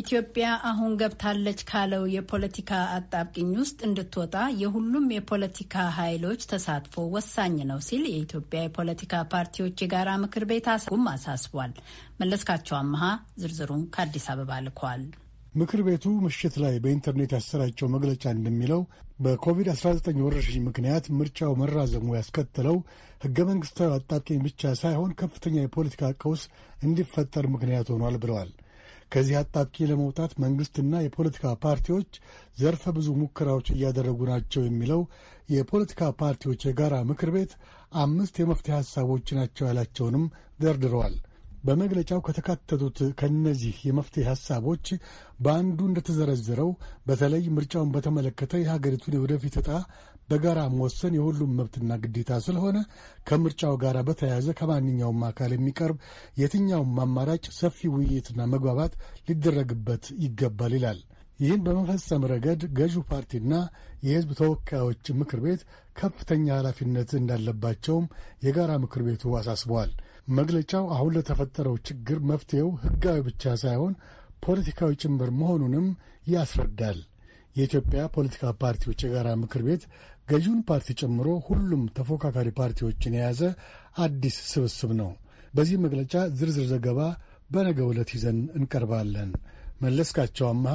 ኢትዮጵያ አሁን ገብታለች ካለው የፖለቲካ አጣብቂኝ ውስጥ እንድትወጣ የሁሉም የፖለቲካ ኃይሎች ተሳትፎ ወሳኝ ነው ሲል የኢትዮጵያ የፖለቲካ ፓርቲዎች የጋራ ምክር ቤት አሳስቧል። መለስካቸው አመሃ ዝርዝሩን ከአዲስ አበባ ልኳል። ምክር ቤቱ ምሽት ላይ በኢንተርኔት ያሰራጨው መግለጫ እንደሚለው በኮቪድ-19 ወረርሽኝ ምክንያት ምርጫው መራዘሙ ያስከተለው ሕገ መንግሥታዊ አጣብቂኝ ብቻ ሳይሆን ከፍተኛ የፖለቲካ ቀውስ እንዲፈጠር ምክንያት ሆኗል ብለዋል። ከዚህ አጣብቂኝ ለመውጣት መንግሥትና የፖለቲካ ፓርቲዎች ዘርፈ ብዙ ሙከራዎች እያደረጉ ናቸው የሚለው የፖለቲካ ፓርቲዎች የጋራ ምክር ቤት አምስት የመፍትሄ ሐሳቦች ናቸው ያላቸውንም ደርድረዋል። በመግለጫው ከተካተቱት ከእነዚህ የመፍትሄ ሀሳቦች በአንዱ እንደተዘረዘረው በተለይ ምርጫውን በተመለከተ የሀገሪቱን የወደፊት ዕጣ በጋራ መወሰን የሁሉም መብትና ግዴታ ስለሆነ ከምርጫው ጋር በተያያዘ ከማንኛውም አካል የሚቀርብ የትኛውም አማራጭ ሰፊ ውይይትና መግባባት ሊደረግበት ይገባል ይላል። ይህን በመፈጸም ረገድ ገዢው ፓርቲና የሕዝብ ተወካዮች ምክር ቤት ከፍተኛ ኃላፊነት እንዳለባቸውም የጋራ ምክር ቤቱ አሳስበዋል። መግለጫው አሁን ለተፈጠረው ችግር መፍትሄው ሕጋዊ ብቻ ሳይሆን ፖለቲካዊ ጭምር መሆኑንም ያስረዳል። የኢትዮጵያ ፖለቲካ ፓርቲዎች የጋራ ምክር ቤት ገዢውን ፓርቲ ጨምሮ ሁሉም ተፎካካሪ ፓርቲዎችን የያዘ አዲስ ስብስብ ነው። በዚህ መግለጫ ዝርዝር ዘገባ በነገ ዕለት ይዘን እንቀርባለን። መለስካቸው አምሃ